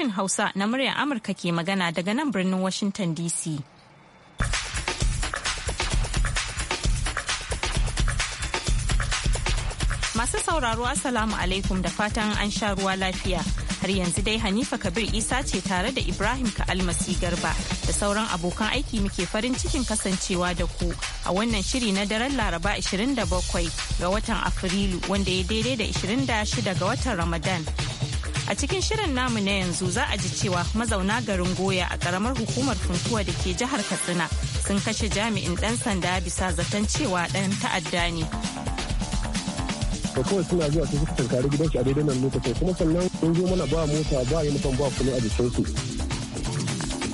sashin Hausa na muryar Amurka ke magana daga nan birnin Washington DC. Masu sauraro Assalamu alaikum da fatan an sha ruwa lafiya. Har yanzu dai Hanifa Kabir Isa ce tare da Ibrahim ka almasi Garba da sauran abokan aiki muke farin cikin kasancewa da ku a wannan shiri na daren Laraba 27 ga watan Afrilu wanda ya daidai da 26 ga watan Ramadan. A cikin shirin namu na yanzu za a ji cewa mazauna garin Goya a karamar hukumar Funtuwa da ke jihar Katsina sun kashe jami'in ɗan sanda bisa zaton cewa ɗan ta'adda ne. suna zuwa su suka tankari gidansu a daidai nan lokacin kuma sannan sun zo mana ba mota ba yunifom ba kuma a jikinsu.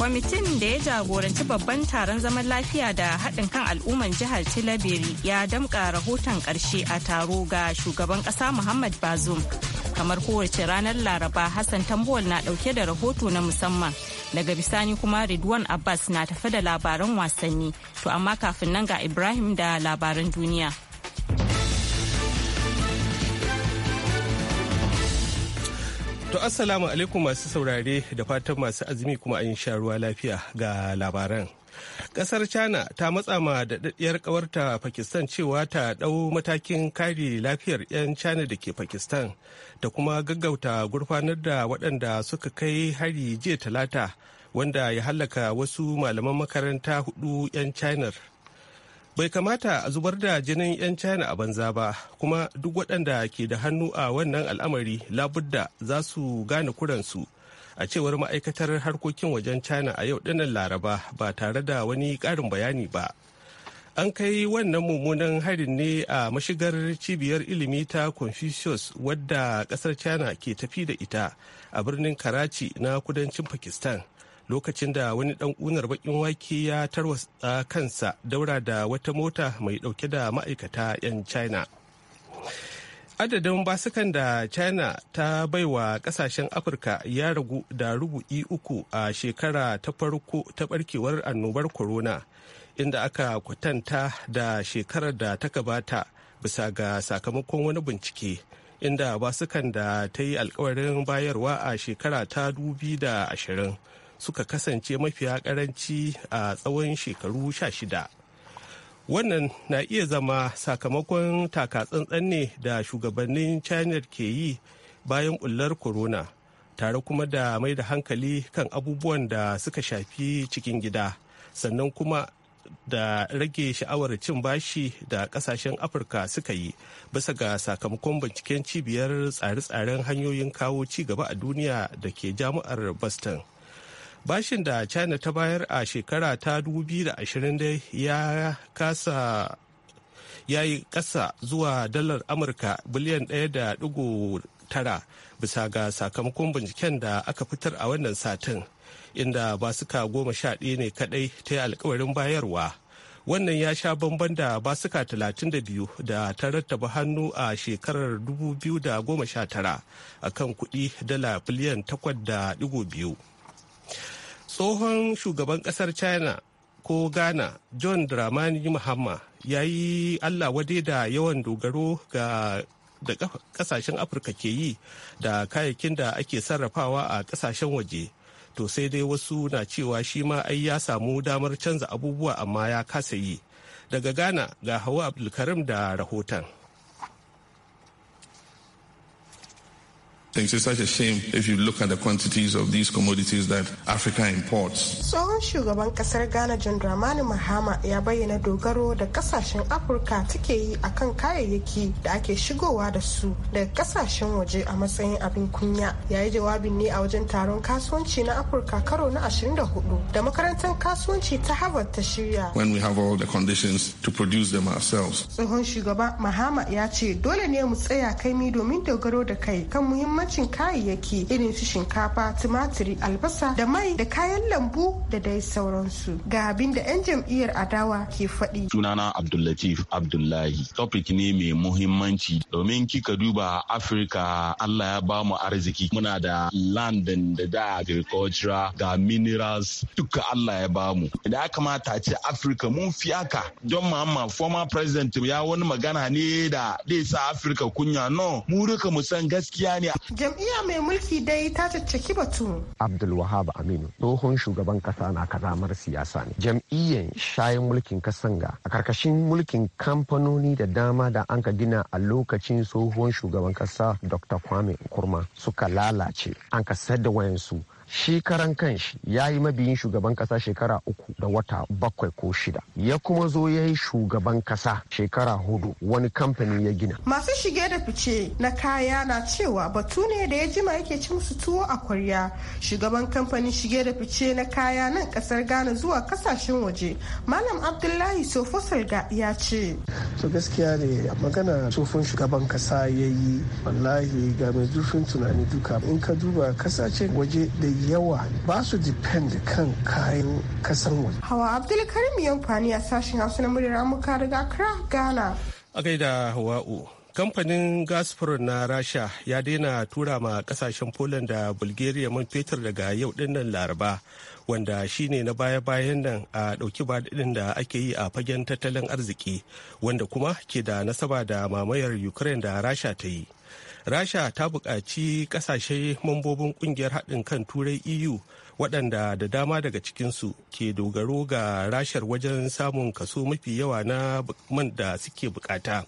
kwamitin da ya jagoranci babban taron zaman lafiya da haɗin kan al'umman jihar tilabiri ya damƙa rahoton ƙarshe a taro ga shugaban ƙasa muhammad bazoum kamar kowace ranar laraba hassan Tambuwal na dauke da rahoto na musamman daga bisani kuma ridwan abbas na tafi da labaran wasanni to amma kafin nan ga ibrahim da labaran duniya to assalamu alaikum masu saurare da fatan masu azumi kuma an sha ruwa lafiya ga labaran Kasar China ta matsa ma daɗaɗɗiyar ƙawarta Pakistan cewa ta ɗau matakin kare lafiyar 'yan China da ke Pakistan da kuma gaggauta gurfanar da waɗanda suka kai hari jiya talata wanda ya hallaka wasu malaman makaranta hudu 'yan China. bai kamata a zubar da jinin 'yan china a banza ba kuma duk waɗanda ke da hannu a wannan al'amari labudda za su gane kuransu a cewar ma'aikatar harkokin wajen china a yau dinnan laraba ba tare da wani karin bayani ba an kai wannan mummunan harin ne a mashigar cibiyar ilimi ta confucius wadda kasar china ke tafi da ita a birnin karachi na kudancin pakistan lokacin da wani dan kunar bakin wake ya tarwatsa kansa daura da wata mota mai dauke da ma'aikata 'yan china adadin basukan da china ta baiwa kasashen afirka ya ragu da rubu'i uku a shekara ta farko ta barkewar annobar corona inda aka kwatanta da shekarar da ta gabata bisa ga sakamakon wani bincike inda basukan da ta yi alkawarin bayarwa a shekara ta dubi da ashirin suka kasance mafiya karanci a tsawon shekaru sha shida. wannan na iya zama sakamakon takatsantsan ne da shugabannin china ke yi bayan bullar corona tare kuma da mai da hankali kan abubuwan da suka shafi cikin gida sannan kuma da rage sha'awar cin bashi da kasashen afirka suka yi bisa ga sakamakon binciken cibiyar tsare-tsaren hanyoyin kawo ci gaba a duniya da ke jami'ar boston bashin da china ta bayar a shekara ta 2020 ya kasa ya yi kasa zuwa dalar amurka biliyan 1.9 bisa ga sakamakon binciken da aka fitar a wannan satin inda basuka goma sha ɗaya ne kaɗai ta yi alkawarin bayarwa wannan ya sha bamban da basuka 32 da ta rattaba hannu a shekarar 2019 kan kuɗi dala biliyan 8.2 tsohon shugaban kasar china ko ghana john dramani muhammad ya yi allah wade da yawan dogaro ga da kasashen afirka ke yi da kayayyakin da ake sarrafawa a kasashen waje to sai dai wasu na cewa shi ma ai ya samu damar canza abubuwa amma ya kasa yi daga ghana ga hawa abdulkarim da rahoton Thanks. It's such a shame if you look at the quantities of these commodities that Africa imports. Tsohon shugaban kasar Ghana John Dramani Mahama ya bayyana dogaro da kasashen Afirka take yi akan kayayyaki da ake shigowa da su daga kasashen waje a matsayin abin kunya. Ya yi jawabin ne a wajen taron kasuwanci na Afirka karo na 24 da makarantar kasuwanci ta Harvard ta shirya. When we have all the conditions to produce them ourselves. Tsohon shugaba Mahama ya ce dole ne mu tsaya kaimi domin dogaro da kai kan muhimmanci farashin kayayyaki irin su shinkafa tumatiri albasa da mai da kayan lambu da dai sauransu ga abin da 'yan jam'iyyar adawa ke faɗi. sunana abdullatif abdullahi topic ne mai muhimmanci domin kika duba afirka allah ya bamu arziki muna da land da da agriculture ga minerals duka allah ya bamu mu da ya kamata ce afirka mun fi haka don mahamma former president ya wani magana ne da zai sa afirka kunya no mu rika mu san gaskiya ne jam'iyya mai mulki dai ta caccaki batu abdulwahab aminu tsohon shugaban kasa na kazamar siyasa ne jam'iyyar shayin mulkin kasan ga a karkashin mulkin kamfanoni da dama da an ka gina a lokacin tsohon shugaban kasa dr kwame kurma suka lalace an ka sayar da wayansu shi karan kanshi ya yi mabiyin shugaban kasa shekara uku da wata bakwai ko shida ya kuma zo ya yi shugaban kasa shekara hudu wani kamfani ya gina masu shige da fice na kaya na cewa batu ne da ya jima yake ci musu tuwo a kwarya shugaban kamfanin shige da fice na kaya nan kasar ghana zuwa kasashen waje malam abdullahi sofosar ga ya ce to gaskiya ne magana tsofin shugaban kasa ya yi wallahi ga mai zurfin tunani duka in ka duba kasashen waje da yawa ba su depend kan kayan kasan waje. Hawa Abdulkarim Yankwani a sashen Hausa na muryar Amurka daga kira Ghana. A gaida Hawa'u. Kamfanin Gazprom na Rasha ya daina tura ma kasashen Poland da Bulgaria man fetur daga yau dinnan Laraba, wanda shine na baya-bayan nan a ɗauki badin da ake yi a fagen tattalin arziki, wanda kuma ke da nasaba da mamayar Ukraine da Rasha ta yi. rasha ta buƙaci ƙasashe mambobin ƙungiyar haɗin kan turai eu waɗanda da dama daga cikinsu ke dogaro ga rashar wajen samun kaso mafi yawa na man da suke bukata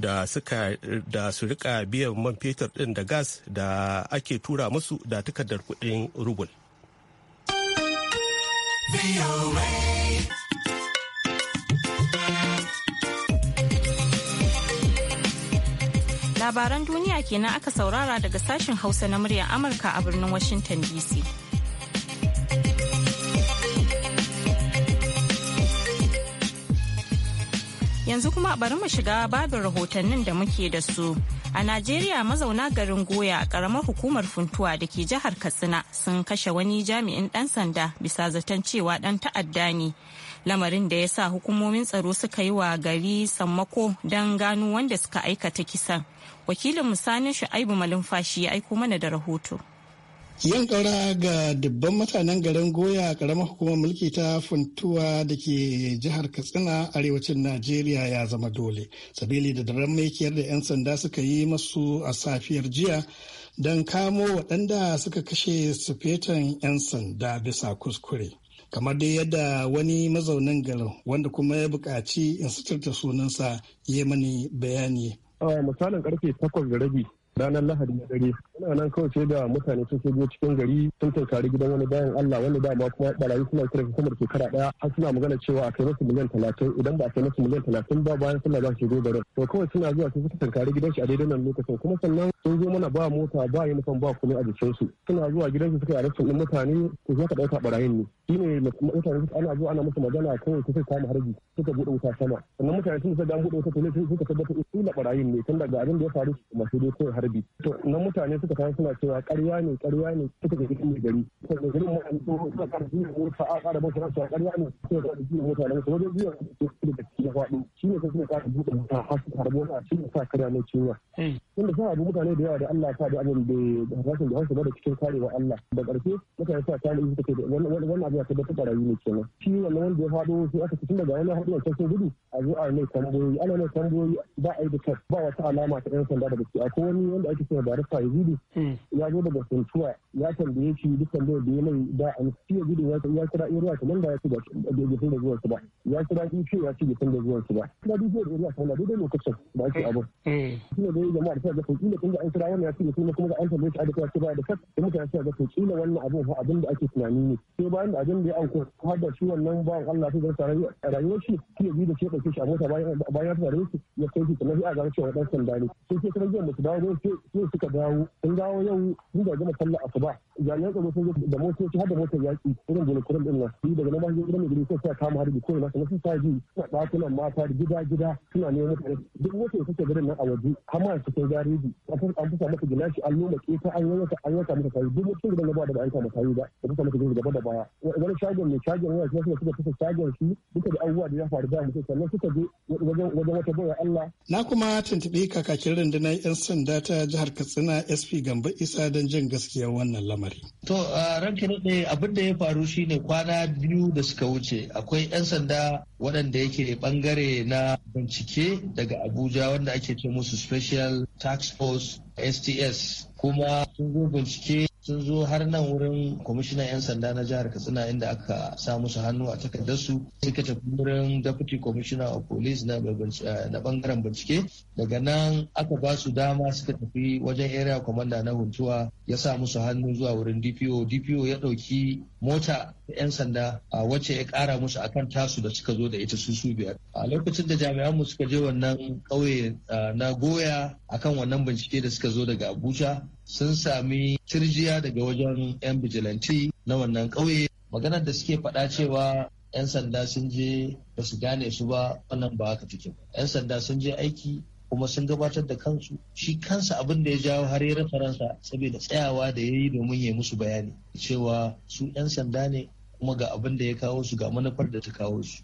da suka da su rika biyan man fetur ɗin da gas da ake tura musu da takardar kuɗin rubul. labaran duniya kenan aka saurara daga sashen hausa na muryar amurka a birnin washington dc yanzu kuma bari mu shiga babin rahotannin da muke da su a najeriya mazauna garin goya karamar hukumar funtuwa da ke jihar katsina sun kashe wani jami'in ɗan sanda bisa zaton cewa ɗan ta'adda ne lamarin da ya sa hukumomin tsaro suka yi wa gari sammako don gano wanda suka aikata kisan wakilin musanin shu'aibu malumfashi ya aiko mana da rahoto yin ƙaura ga dubban mutanen garin goya a ƙaramar hukumar mulki ta funtuwa da ke jihar katsina arewacin najeriya ya zama dole sabili da daren maikiyar da 'yan sanda suka yi masu a safiyar jiya don kamo waɗanda suka kashe sufetan 'yan sanda bisa kuskure kamar dai yadda wani mazaunin garin wanda kuma ya buƙaci in sunansa ya mani bayani misalin karfe takwas da rabi ranar lahadi na dare ina nan kawai sai da mutane sun shigo cikin gari sun tunkari gidan wani bayan Allah wani dama kuma barayi suna kira kuma da shekara daya har suna magana cewa a kai musu miliyan talatin idan ba a kai musu miliyan talatin ba bayan suna za su shigo garin to kawai suna zuwa sun suka tunkari gidan shi a daidai nan lokacin kuma sannan sun zo mana ba mota ba nufan ba kuma a su suna zuwa gidan su suka yi arasin din mutane su zo ka dauka barayin ne ne mutane su ana zuwa ana musu magana kawai suka kama harbi suka bude wuta sama sannan mutane sun da an bude wuta to ne suka tabbatar su barayin ne tun daga abin da ya faru masu dai harbi to nan mutane suka kawo suna cewa karya ne karya ne suka ga gidan gari to da gidan mutane to suka fara jiya mota a ƙara mota su karya ne suka fara jiya mota ne wajen jiya su suka da cikin faɗi shi ne suka ƙara buɗe mota har suka harbo a shi ne sa karya ne cewa hmm. tunda sun haɗu mutane da yawa da Allah ya sa da abin da rashin da hasu ba da cikin karewa Allah da ƙarfe mutane suka kare suka ce wannan abu ya tabbata ƙarayi ne kenan shi wannan wanda ya faɗo sai aka cikin daga wani haɗu wancan sun gudu a zo a mai tamboyi ana mai tamboyi ba a yi da ba wata alama ta 'yan sanda da gaske ko wani wanda ake cewa Barif hmm. ya zo daga Funtuwa ya tambaye shi dukkan da ya mai da an fiye gudu ya kira Iruwa nan da ya ce da gefen da su ba ya kira ce ya ce gefen da su ba kira DP da Iruwa ta da daidai lokacin da ake abu. Shi ne dai jama'a da suka ga kila kun ga an kira wannan ya ce gefen kuma an tambaye shi a da kuma ba da kas da mutane suka ga kila wannan abu fa abin da ake tunani ne sai bayan da abin da ya auku har da shi wannan ba Allah ta a rayuwar shi kila biyu da shi ya ɗauke shi a mota bayan ya fara ya kai shi kamar ya ga cewa dan sanda ne sai sai kuma jiya mutu dawo su suka dawo sun dawo yau sun da gama sallar asuba jami'an tsaro sun zo da motoci har da motar yaƙi irin gulukurin din nan su daga nan irin gidan mai sai suka kama harbi ko ina kuma sun sa ji suna ɗakunan mata gida gida suna neman mutane duk wata da suke garin nan a waje amma su kai gareji an fusa masa gilashi an nuna ta an yanka an yanka masa kayi duk mutum gidan na da ba da yanka masa kayi ba da fusa masa gidan gaba da baya wani shagon mai shagon wani kuma suka fusa shagon shi duka da abubuwa da ya faru da mutum sannan suka je wajen wata baya Allah. Na kuma tuntuɓi kakakin rundunar 'yan sanda ta ta jihar katsina sp gamba isa don jin gaskiyar wannan lamari to ranke daɗe abin da ya faru shine kwana biyu da suka wuce akwai 'yan sanda waɗanda yake bangare na bincike daga abuja wanda ake ce musu special tax force sts kuma sun zo bincike sun zo har nan wurin kwamishinan 'yan sanda na jihar katsina inda aka sa musu hannu a takardarsu suka tafi wurin deputy commissioner of police eh, na bangaren bincike daga nan aka ba su dama suka tafi wajen area commander na huntuwa ya sa musu hannu zuwa wurin dpo dpo ya ɗauki mota 'yan sanda a wacce ya kara musu akan tasu da suka zo da ita su su biyar a lokacin da jami'anmu suka je wannan ƙauye eh, na goya akan wannan bincike da suka zo daga abuja sun sami turjiya daga wajen 'yan bijilanti na wannan ƙauye maganar da suke faɗa cewa 'yan sanda sun je ba su gane su ba wannan ba haka take 'yan sanda sun je aiki kuma sun gabatar da kansu shi kansa abin da ya jawo har yi faransa saboda tsayawa da ya yi domin ya musu bayani cewa su 'yan sanda ne kuma ga abin da ya kawo su ga manufar da ta kawo su.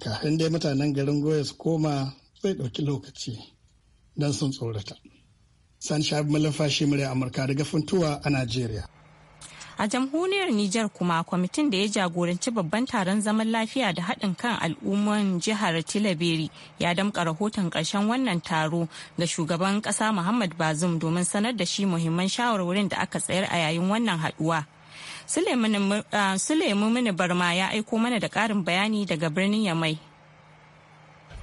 kafin dai mutanen garin Goya su koma zai ɗauki lokaci don sun tsorata. Sani Malafa shi murya Amurka daga Funtuwa a Najeriya. A jamhuriyar Nijar kuma kwamitin da ya jagoranci babban taron zaman lafiya da haɗin kan al'umman jihar Tilaberi ya damƙa rahoton ƙarshen wannan taro ga shugaban ƙasa Muhammad Bazum domin sanar da shi muhimman shawarwarin da aka tsayar a yayin wannan haɗuwa. Suleiman Mini ah, Barma ya aiko mana da ƙarin bayani daga birnin Yamai.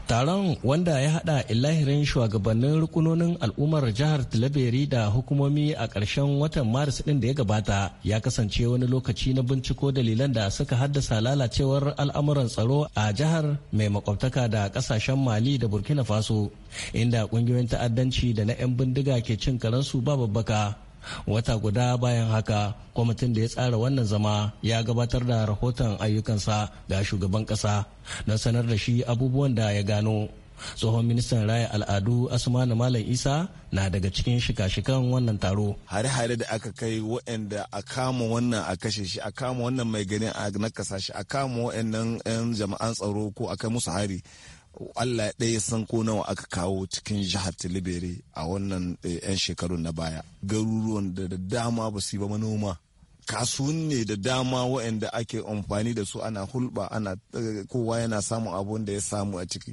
taron wanda ya hada ilahirin shugabannin rukunonin al'ummar jihar tilaberi da hukumomi a ƙarshen watan maris ɗin da ya gabata ya kasance wani lokaci na binciko dalilan da suka haddasa lalacewar al'amuran tsaro a jihar mai makwabtaka da ƙasashen mali da burkina faso inda ƙungiyoyin ta'addanci da na 'yan bindiga ke cin karansu ba babbaka wata guda bayan haka kwamitin da ya tsara wannan zama ya gabatar da rahoton ayyukansa ga shugaban kasa don sanar da shi abubuwan da ya gano tsohon ministan raya al'adu asmanu malam isa na daga cikin shika-shikan wannan taro hare-hare da aka kai waɗanda a kama wannan a kashe shi a kama wannan mai gani a nakasa shi a kama waɗannan 'yan jama'an tsaro ko a kai musu hari Allah ɗaya san ko nawa aka kawo cikin jihar Tilibere a wannan 'yan eh, shekarun na baya. Garuruwan da da dama ba su yi ba manoma. ne da dama waɗanda ake amfani da su ana hulɓa ana eh, kowa yana samun abun da ya samu a ciki.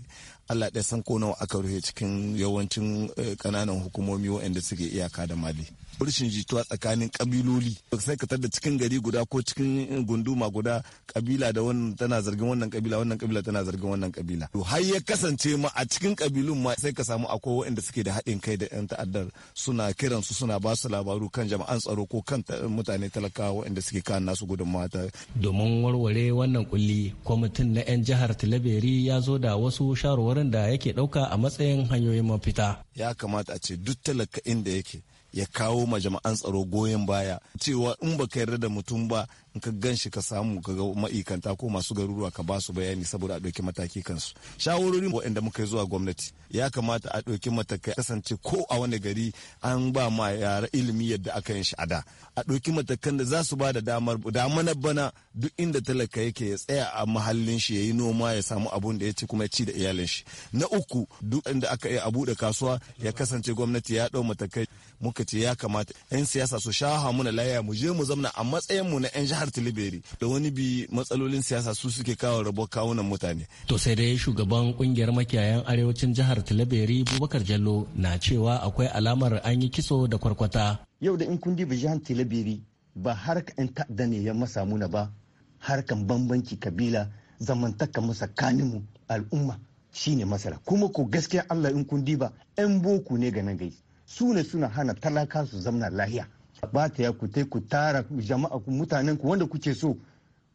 Allah ɗaya san ko nawa aka rufe cikin yawancin eh, ƙananan hukumomi waɗanda suke iyaka da Mali. rashin jituwa tsakanin kabiloli sai ka da cikin gari guda ko cikin gunduma guda kabila da wannan tana zargin wannan kabila wannan kabila tana zargin wannan kabila to har ya kasance ma a cikin kabilun ma sai ka samu akwai waɗanda suke da haɗin kai da yan ta'addar suna kiran su suna ba su labaru kan jama'an tsaro ko kan mutane talakawa waɗanda suke kan nasu gudun mata domin warware wannan kulli kwamitin na yan jihar Tilaberi ya zo da wasu shawarwarin da yake ɗauka a matsayin hanyoyin mafita ya kamata a ce duk talaka inda yake ya kawo ma jama'an tsaro goyon baya cewa in baka yarda da mutum ba in ka gan shi ka samu ka ga ma'aikanta ko masu garuruwa ka basu bayani saboda a ɗauki mataki kansu shawarorin waɗanda muka yi zuwa gwamnati ya kamata a ɗauki matakai kasance ko a wani gari an ba ma yara ilimi yadda aka yin shi a da a ɗauki matakan da za su ba da damar damana bana duk inda talaka yake ya tsaya a mahallin shi ya yi noma ya samu abun da ya ci kuma ya ci da iyalin shi na uku duk inda aka yi a buɗe kasuwa ya kasance gwamnati ya ɗau matakai muka ce ya kamata 'yan siyasa su sha hamuna layya mu je mu zamna a matsayin mu na 'yan jihar jihar tilibiri da wani bi matsalolin siyasa su suke kawo rabo kawunan mutane to sai dai shugaban kungiyar makiyayan arewacin jihar tilibiri bubakar jallo na cewa akwai alamar an yi kiso da kwarkwata yau da in kun diba jihar tilibiri ba ka in ta'adda ne ya masa muna ba harkan bambanci kabila zamantaka masa mu al'umma shine masara kuma ko gaskiya allah in kun ba yan boku ne ga nan gai su ne suna hana talaka su zamna lahiya bata ta ya ku ku tara jama'a ku mutanen ku wanda kuke so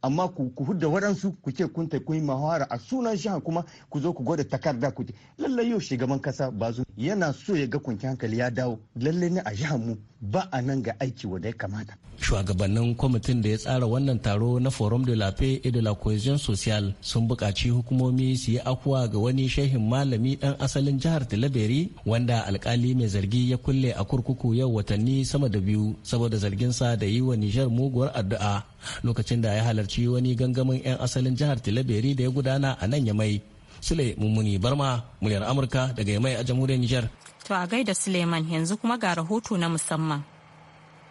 amma ku hudda waɗansu ku ce kun ta kun yi mahawara a sunan shi kuma ku zo ku gwada takarda ku ce lallai yau shugaban kasa bazu yana so ya ga kunki hankali ya dawo lallai ne a jihar mu ba a nan ga aiki wanda ya kamata shugabannin kwamitin da ya tsara wannan taro na forum de la paix et de la cohesion social sun buƙaci hukumomi su yi akuwa ga wani shehin malami ɗan asalin jihar tilaberi wanda alkali mai zargi ya kulle a kurkuku yau watanni sama da biyu saboda zargin sa da yi wa nijar muguwar addu'a lokacin da ya halarci wani gangamin 'yan asalin jihar tilaberi da ya gudana a nan yamai sule mummuni barma muryar amurka daga yamai a jamhuriyar nijar to a gaida suleiman yanzu kuma ga rahoto na musamman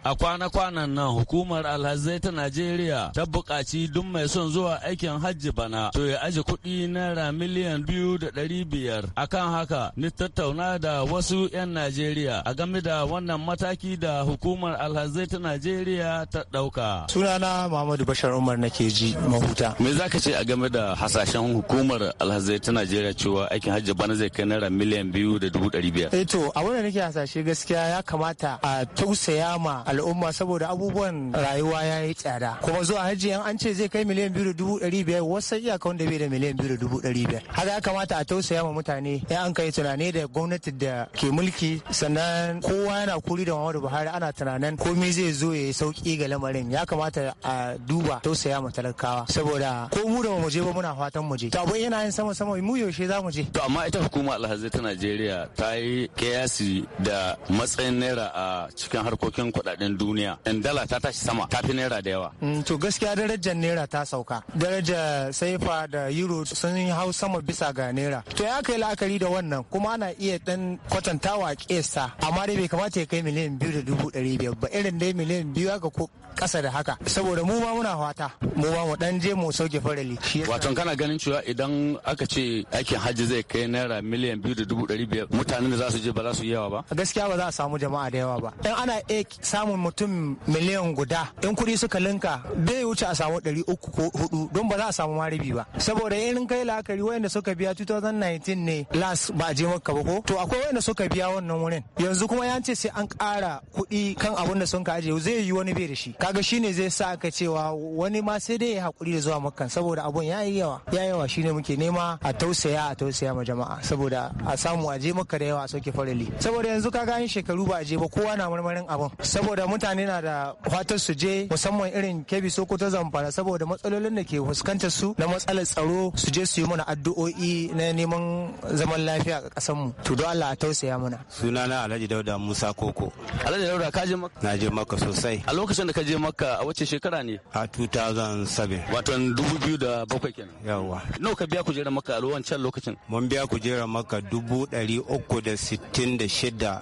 A kwana-kwanan nan hukumar alhazai ta Najeriya ta buƙaci duk mai son zuwa aikin hajji bana to ya aji kuɗi naira miliyan biyu da ɗari biyar. A kan haka ni tattauna da wasu 'yan Najeriya a game da wannan mataki da hukumar alhazai ta Najeriya ta ɗauka. Sunana Muhammadu Bashar Umar nake ji mahuta. Me za ka ce a game da hasashen hukumar alhazai ta Najeriya cewa aikin hajji bana zai kai naira miliyan biyu da dubu ɗari biyar? Eh to a wannan nake hasashe gaskiya ya kamata a tausaya ma al'umma saboda abubuwan rayuwa ya yi tsada kuma zuwa hajji yan an ce zai kai miliyan biyu da dubu ɗari biyar wasu iyaka wanda bai da miliyan biyu da dubu ɗari biyar haka ya kamata a tausaya ma mutane in an kai tunani da gwamnati da ke mulki sannan kowa yana kuri da Muhammadu Buhari ana tunanin komai zai zo ya yi sauki ga lamarin ya kamata a duba tausaya ma talakawa saboda ko mu da mu je ba muna fatan mu je to abin yana yin sama sama mu yaushe za mu je to amma ita hukuma alhazi ta Najeriya ta yi kiyasi da matsayin naira a cikin harkokin kuɗaɗe kudaden duniya in dala ta tashi sama ta fi naira da yawa mm, to gaskiya darajar naira ta sauka darajar saifa da euro sun hau sama bisa ga naira to ya kai la'akari da wannan kuma ana iya dan kwatantawa kesa amma dai bai kamata ya kai miliyan biyu da dubu ɗari biyar ba irin dai miliyan biyu haka ko ƙasa da haka saboda mu ma muna fata mu ma mu dan je mu sauke farali wato kana ganin cewa idan aka ce aikin hajji zai kai naira miliyan biyu da dubu ɗari biyar mutanen da za su je ba za su yawa ba gaskiya ba za a samu jama'a da yawa ba dan ana iya samun samun mutum miliyan guda in kuɗi suka linka bai wuce a samu ɗari uku ko hudu don ba za a samu maribi ba saboda irin kai la'akari wayanda suka biya 2019 ne las ba a je maka ba ko to akwai wayanda suka biya wannan wurin yanzu kuma ya ce sai an ƙara kuɗi kan abun da sun ka ajiye zai yi wani bai da shi kaga shine zai sa aka cewa wani ma sai dai ya haƙuri da zuwa makkan saboda abun ya yi yawa ya yawa shine muke nema a tausaya a tausaya ma jama'a saboda a samu a je maka da yawa a soke farali saboda yanzu kaga an shekaru ba a je ba kowa na marmarin abun saboda saboda mutane na da fatar su je musamman irin kebi sokoto zamfara saboda matsalolin da ke fuskantar su na matsalar tsaro su je su yi mana addu'o'i na neman zaman lafiya a ƙasar mu to don Allah a tausaya mana sunana Alhaji Dauda Musa Koko Alhaji Dauda ka je Makka na je Makka sosai a lokacin da ka je Makka a wace shekara ne a 2007 watan 2007 kenan yawa nawa ka biya kujerar Makka a wancan lokacin mun biya kujerar Makka 366 da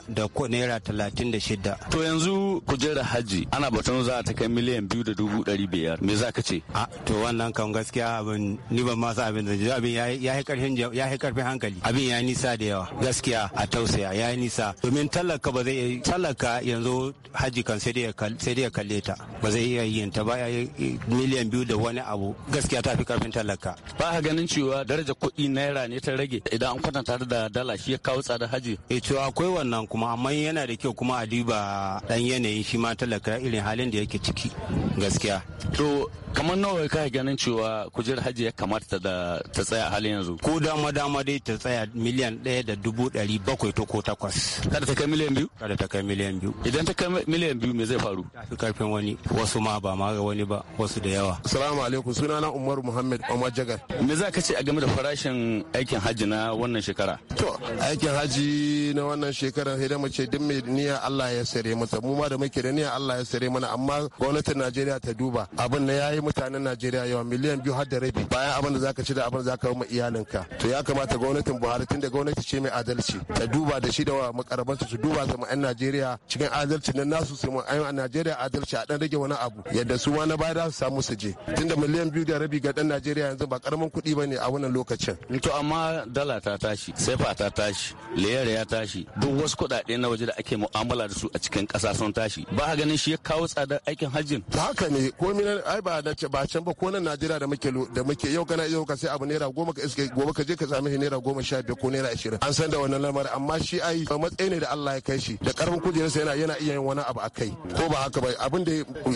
naira 36 to yanzu kujerar haji ana batun za ta kai miliyan biyu da dubu ɗari biyar me za ka ce a to wannan kan gaskiya abin ni ban masa abin da abin ya yi karfin ya yi karfin hankali abin ya nisa da yawa gaskiya a tausaya ya yi nisa domin tallaka ba zai Tallaka yanzu haji kan sai dai ya kalle ta ba zai iya yin ta ba ya eh, miliyan biyu da wani abu gaskiya ta fi karfin talaka ba ka ganin cewa darajar kuɗi naira ne ta rage idan an kwatanta da dala shi ya kawo tsada haji e eh, to akwai wannan kuma amma yana da kyau kuma a duba dan yanayi yanayin shi ma talaka irin halin da yake ciki gaskiya to kamar nawa ka ganin cewa kujerar hajji ya kamata da ta tsaya halin yanzu ko dama dama dai ta tsaya miliyan ɗaya da dubu ɗari bakwai to ko takwas kada ta kai miliyan biyu kada ta kai miliyan biyu idan ta kai miliyan biyu me zai faru ta fi karfin wani wasu ma ba ma ga wani ba wasu da yawa assalamu alaikum sunana umaru muhammad umar jagar me za ka ce a game da farashin aikin hajji na wannan shekara to aikin hajji na wannan shekara sai da mace ce duk mai niyya Allah ya sare mata mu ma da muke da ni Allah ya sare mana amma gwamnatin Najeriya ta duba abin da yayi mutanen Najeriya yawa miliyan biyu har da rabi bayan abin da zaka ci da abin da zaka ma iyalinka to ya kamata gwamnatin Buhari tun da gwamnati ce mai adalci ta duba da shi da makarabansu su duba su ma'an Najeriya cikin adalci na nasu su ma'an a Najeriya adalci a dan rage wani abu yadda su ma na baya su samu su je tunda miliyan biyu da rabi ga dan Najeriya yanzu ba karamin kuɗi bane a wannan lokacin to amma dala ta tashi sefa ta tashi leyar ya tashi duk wasu kuɗaɗe na waje da ake mu'amala da su a cikin ƙasa sun tashi shi ba ganin shi ya kawo tsadar aikin hajjin haka ne ko minan ai ba da ba can ba ko nan Najeriya da muke da muke yau kana yau ka sai abu naira goma ka iske gobe ka je ka sami naira goma sha biyar ko naira ashirin an san da wannan lamarin amma shi ai matsayi ne da Allah ya kai shi da karfin kujerarsa yana yana iya yin wani abu akai ko ba haka ba abin da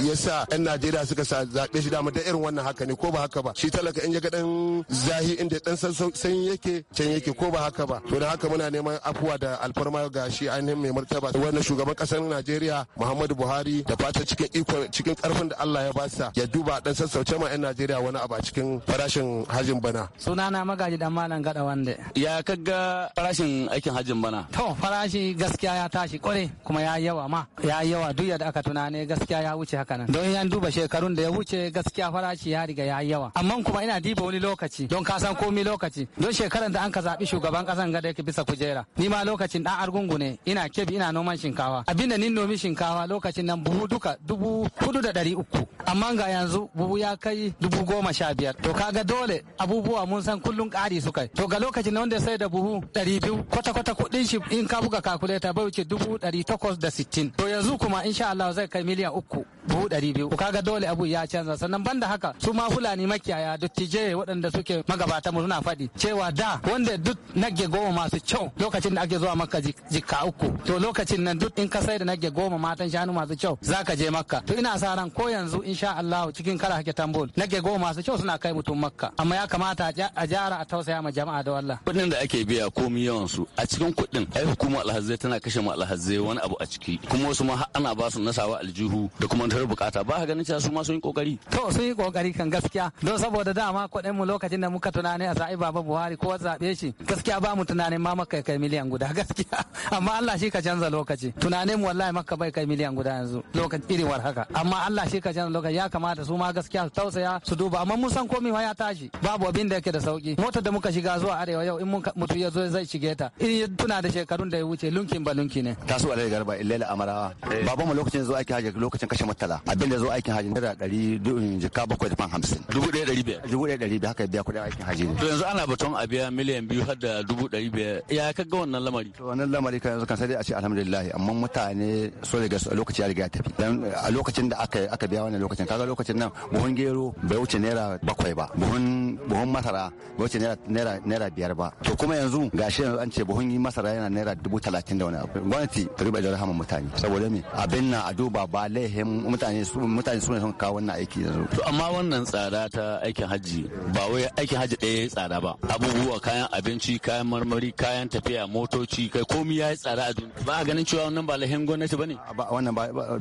ya sa 'yan Najeriya suka sa zaɓe shi dama da irin wannan haka ne ko ba haka ba shi talaka in ya ga dan zahi inda dan san yake can yake ko ba haka ba to da haka muna neman afuwa da alfarma ga shi ainihin mai martaba wannan shugaban kasar Najeriya muhammadu buhari da fata cikin iko cikin karfin da allah ya ba sa ya duba dan sassauce ma 'yan najeriya wani abu a cikin farashin hajin bana sunana magaji dan malam gada wande ya kaga farashin aikin hajin bana to farashi gaskiya ya tashi kore kuma ya yawa ma ya yawa duk yadda aka tunane gaskiya ya wuce haka nan don yan duba shekarun da ya wuce gaskiya farashi ya riga ya yawa amma kuma ina diba wani lokaci don ka san komi lokaci don shekaran da an ka zaɓi shugaban kasan gada yake bisa kujera ni ma lokacin dan argungu ne ina kebi ina noman shinkawa abinda nin nomi shinkawa saidawa lokacin nan buhu duka dubu hudu da dari uku amma ga yanzu buhu ya kai dubu goma sha biyar to kaga dole abubuwa mun san kullum ƙari su kai to ga lokacin wanda sai da buhu ɗari biyu kwata kwata kuɗin shi in ka buga kakuleta bai wuce dubu ɗari takwas da sittin to yanzu kuma insha Allah zai kai miliyan uku buhu ɗari biyu kaga dole abu ya canza sannan banda haka su ma fulani makiyaya dattijai waɗanda suke magabata mu suna faɗi cewa da wanda duk nage goma masu kyau lokacin da ake zuwa maka jika uku to lokacin nan duk in ka sai da nage goma mata fatan shanu masu kyau zaka je makka to ina sa ran ko yanzu insha Allah cikin kala hake tambol nake goma masu kyau suna kai mutum makka amma ya kamata a jara a tausaya ma jama'a da wallah kudin da ake biya komi yawan su a cikin kudin ai hukumar alhazzai tana kashe ma alhazzai wani abu a ciki kuma wasu ma ana ba su nasawa aljihu da kuma tarar bukata ba ka ganin cewa su ma sun yi kokari to sun yi kokari kan gaskiya don saboda dama kudin mu lokacin da muka tunani a sa'i baba buhari ko zabe shi gaskiya ba mu tunanin ma makka kai miliyan guda gaskiya amma Allah shi ka canza lokaci tunanin mu wallahi makka bai kai miliyan guda yanzu lokacin irin war haka amma Allah shi ka canza lokacin ya kamata su ma gaskiya su tausaya su duba amma mun san komai ya tashi babu abin da yake da sauki motar da muka shiga zuwa arewa yau in mun mutu ya zo zai shige ta in tuna da shekarun da ya wuce lunkin ba lunki ne tasu alai garba illala amarawa eh. babu mu lokacin zo aikin haji lokacin kashe mutala abin da zo aikin haji naira ɗari jika bakwai da hamsin dubu ɗaya ɗari biyar dubu ɗaya ɗari biyar haka biya kuɗin aikin haji ne to yanzu ana batun a biya miliyan biyu har da dubu ɗari biyar ya ka ga wannan lamari to wannan lamari kan yanzu kan sai dai a ce alhamdulillah amma mutane so daga su a lokaci ya riga tafi dan a lokacin da aka aka biya wannan lokacin kaga lokacin nan buhun gero bai wuce naira bakwai ba buhun buhun masara bai wuce naira naira naira biyar ba to kuma yanzu gashi yanzu an ce buhun masara yana naira dubu talatin da wani abu gwamnati ta riba da rahama mutane saboda me abin na a duba ba laihin mutane su mutane su ne sun kawo wannan aiki yanzu to amma wannan tsada ta aikin hajji ba wai aikin hajji ɗaya ya tsada ba abubuwa kayan abinci kayan marmari kayan tafiya motoci kai komai ya yi tsada a duniya ba a ganin cewa wannan ba laihin gwamnati ba ne wannan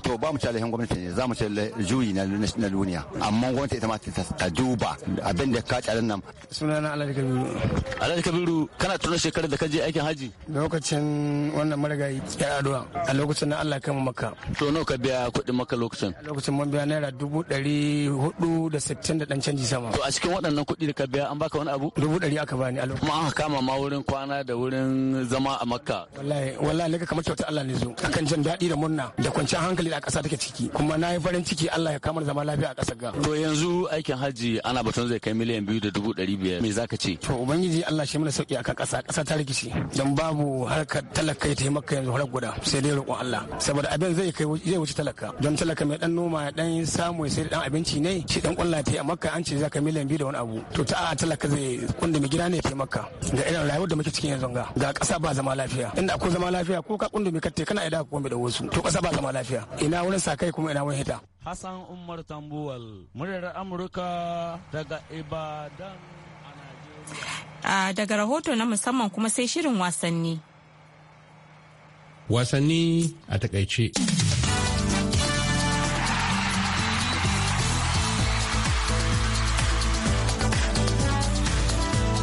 to ba mu ci alhakin gwamnati ne za mu ci juyi na duniya amma gwamnati ita ma ta duba abin da ka tsarin nan sunana alhaji kabiru alhaji kabiru kana tuna shekarar da ka je aikin haji lokacin wannan marigayi ya addu'a a lokacin na Allah kama maka to nawa ka biya kuɗin maka lokacin lokacin mun biya naira dubu ɗari hudu da sittin da ɗan canji sama to a cikin waɗannan kuɗi da ka biya an baka wani abu dubu ɗari aka bani a lokacin kuma kama ma wurin kwana da wurin zama a makka wallahi wallahi kamar kyauta Allah ne zo kan jin daɗi da murna da kwanciyar hankali da ƙasa take ciki kuma na yi farin ciki Allah ya kama zama lafiya a ƙasar ga. To yanzu aikin hajji ana batun zai kai miliyan biyu da dubu ɗari biyar me ka ce? To ubangiji Allah shi mana sauki akan ƙasa ƙasa ta rikici don babu harkar talaka ya taimaka yanzu har guda sai dai roƙon Allah saboda abin zai kai zai wuce talaka don talaka mai dan noma ya dan samu sai dan abinci ne shi dan kulla ta a makka an ce zaka miliyan biyu da wani abu to ta a talaka zai kunda mai gida ne ya taimaka ga irin rayuwar da muke cikin yanzu ga ga ƙasa ba zama lafiya inda akwai zama lafiya ko ka kunda mai kattai kana aida ko da wasu to ƙasa ba zama lafiya ina wani sakai kuma ina wani hita hassan umar tambuwal muryar amurka daga ibadan a ah, daga rahoto na musamman kuma sai shirin wasanni wasanni a takaice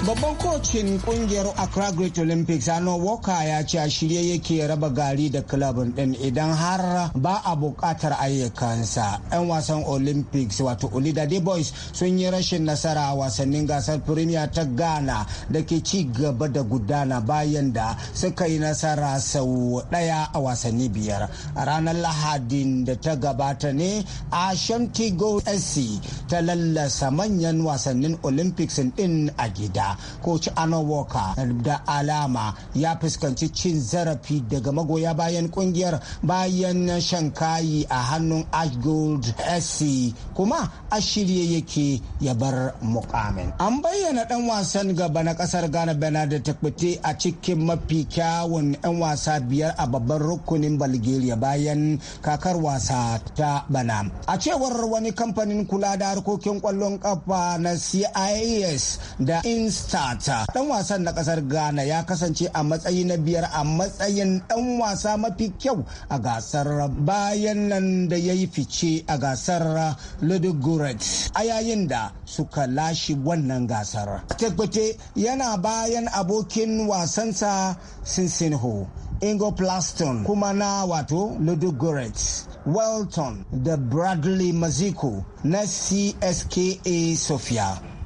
Babban kocin kungiyar Accra Great Olympics Ano Walker ya ce a shirye yake raba gari da kilabin din idan har ba a buƙatar ayyukansa. 'Yan wasan Olympics wato Olidade Boys sun yi rashin nasara a wasannin gasar Premier ta Ghana da ke ci gaba da gudana bayan da suka yi nasara sau ɗaya a wasanni biyar. A ranar Lahadin da ta gabata ne a Shamtigo SC ta lallasa manyan wasannin Olympics din a gida. ci Alan Walker da alama ya fuskanci cin zarafi daga magoya bayan kungiyar bayan shan kayi a hannun Ashgold SC kuma a shirye yake ya bar mukamin. An bayyana dan wasan gaba na kasar Ghana Bernard Takwite a cikin mafi kyawun 'yan wasa biyar a babban rukunin Bulgaria bayan kakar wasa ta bana. A cewar wani kamfanin kula da harkokin kwallon kafa na CIS da Inst tata Dan wasan na kasar Ghana ya kasance a matsayi na biyar a matsayin dan wasa mafi kyau a gasar bayan nan da ya yi fice a gasar Ludogorets a yayin da suka lashe wannan gasar. Tekwete yana bayan abokin wasansa Sinsinho. Ingo Plaston kuma na wato Ludogorets, Welton da Bradley Maziko na CSKA Sofia.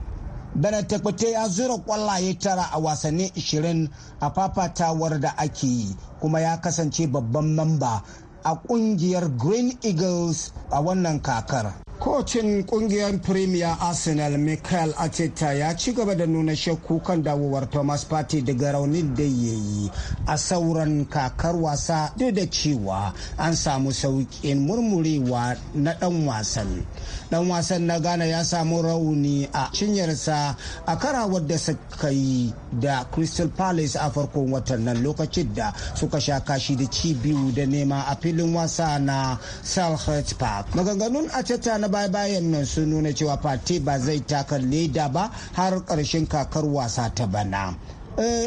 Bennett ya zura kwallaye tara a wasanni 20 a fafatawar da ake yi kuma ya kasance babban mamba a kungiyar Green Eagles a wannan kakar. Kocin kungiyar Premier Arsenal Michael Arteta ya ci gaba da nuna shakku kan dawowar Thomas Partey daga raunin da ya yi a sauran kakar wasa duk da cewa an samu sauƙin murmurewa na ɗan wasan. dan wasan na ghana ya samu rauni a cinyarsa a karawar da suka yi da crystal palace a farkon watan nan lokacin da suka sha kashi da ci biyu da nema a filin wasa na selhurst park maganganun a ateta na baya-bayan nan sun nuna cewa fate ba zai taka leda ba har karshen kakar wasa ta bana eh,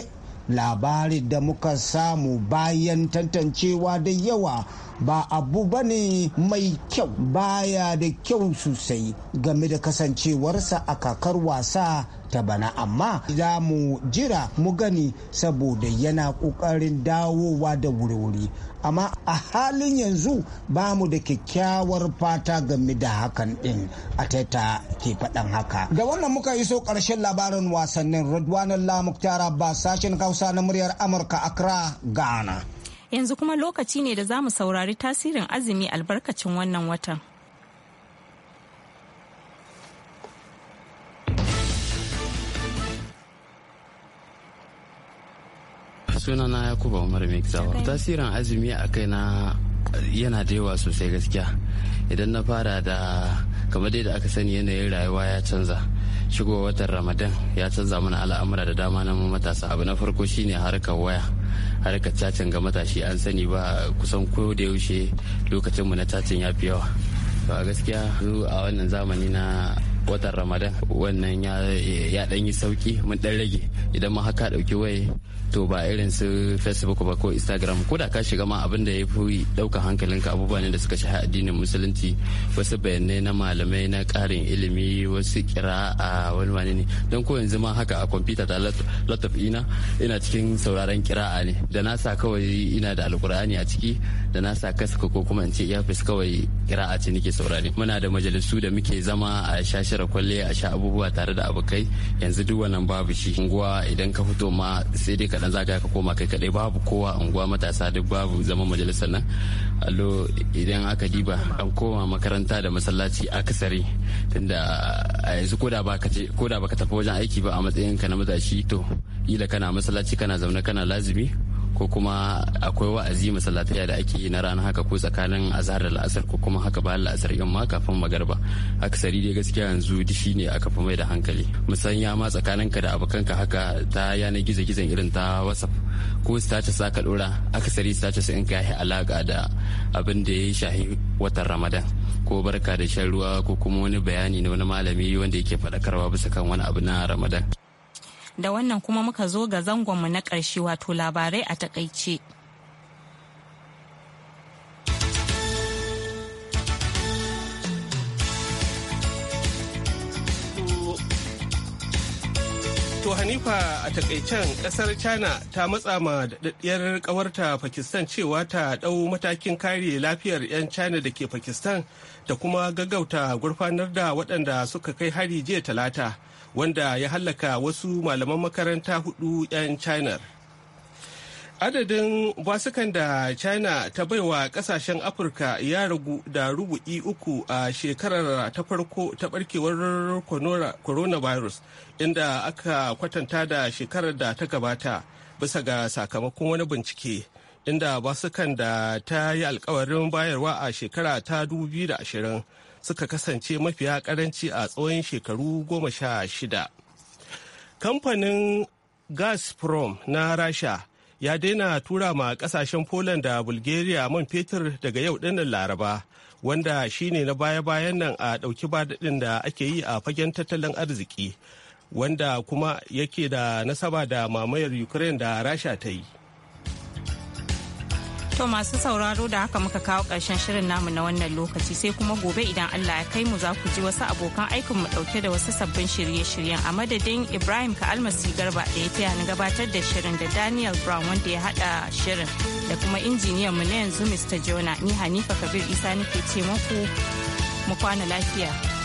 labarin da muka samu bayan tantancewa da yawa ba abu ba ne mai kyau baya da kyau sosai game da kasancewarsa a kakar wasa ta bana amma za mu jira mu gani saboda yana kokarin dawowa da wuri-wuri amma a halin yanzu ba mu da kyakkyawar fata game da hakan din a taita ke faɗan haka da wannan muka yi so ƙarshen labarin wasannin radwanan lamuktara ba sashen hausa na muryar amurka accra ghana yanzu kuma lokaci ne da za mu saurari tasirin azumi albarkacin wannan watan. sunana yakuba umar mai tasirin azumi a kaina yana da yawa sosai gaskiya idan na fara da kamar dai da aka sani yanayin rayuwa ya canza shigo watan ramadan ya canza mana al'amura da dama na matasa abu na farko shine harkar waya harkar cacin ga matashi an sani ba kusan ko da yaushe lokacinmu na cacin ya fi yawa to a gaskiya a wannan zamani na watan ramadan wannan ya dan yi sauki mun dan rage idan ma haka dauki waye to ba irin su facebook ba ko instagram ko da ka shiga ma abin da ya fi dauka hankalinka abubuwa ne da suka shaha addinin musulunci wasu bayanai na malamai na karin ilimi wasu kira a wani wani ne don ko yanzu ma haka a kwamfuta ta laptop ina ina cikin sauraron kira'a ne da na sa kawai ina da alkur'ani a ciki da na sa kasa ko kuma in ce iyafis kawai kira'a ce nake saurari muna da majalisu da muke zama a shashe. cire kwalliya a sha abubuwa tare da abokai yanzu duk wannan babu shi unguwa idan ka fito ma sai dai kaɗan za ka koma kai kaɗai babu kowa unguwa matasa duk babu zama majalisar nan allo idan aka diba an koma makaranta da masallaci akasari tunda a yanzu ba baka tafi wajen aiki ba a matsayinka na matashi to ila kana masallaci kana zaune kana lazimi ko kuma akwai wa'azi masallatai da ake yi na rana haka ko tsakanin azhar da la'asar ko kuma haka bayan la'asar in ma kafin magarba akasari dai gaskiya yanzu dishi ne aka fi mai da hankali musanya ma tsakanin ka da abokanka haka ta yanar gizo-gizon irin ta whatsapp ko status aka dora akasari sa in ka yi alaka da abin da ya shahi watan ramadan ko barka da shan ruwa ko kuma wani bayani na wani malami wanda yake faɗakarwa bisa kan wani abu na ramadan da wannan kuma muka zo ga zangonmu na ƙarshe wato labarai a takaice. To Hanifa a takaicen kasar China ta matsa ma daɗaɗɗiyar ƙawarta Pakistan cewa ta ɗau matakin kare lafiyar 'yan China da ke Pakistan da kuma gaggauta gurfanar da waɗanda suka kai hari jiya talata wanda ya hallaka wasu malaman makaranta hudu 'yan china adadin basukan da china ta baiwa kasashen afirka ya ragu da rubu'i uku a shekarar ta farko ta barkewar coronavirus inda aka kwatanta da shekarar da ta gabata bisa ga sakamakon wani bincike inda basukan da ta yi alkawarin bayarwa a shekara ta 2020 suka kasance mafiya karanci a tsawon shekaru goma sha shida. Kamfanin Gazprom na Rasha ya daina tura ma kasashen Poland da Bulgaria man fetur daga yau dinnan Laraba, wanda shine na baya-bayan nan a ɗauki badaɗin da ake yi a fagen tattalin arziki, wanda kuma yake da nasaba da mamayar Ukraine da Rasha ta yi. To masu sauraro da haka muka kawo ƙarshen shirin namu na wannan lokaci sai kuma gobe idan Allah ya kai mu za ku ji wasu abokan aikin mu ɗauke da wasu sabbin shirye-shiryen a madadin Ibrahim ka almasi garba da ya taya ni gabatar da shirin da Daniel Brown wanda ya haɗa shirin da kuma injiniyan mu na yanzu Mr. Jona ni Hanifa Kabir Isa nake ce muku mu kwana lafiya.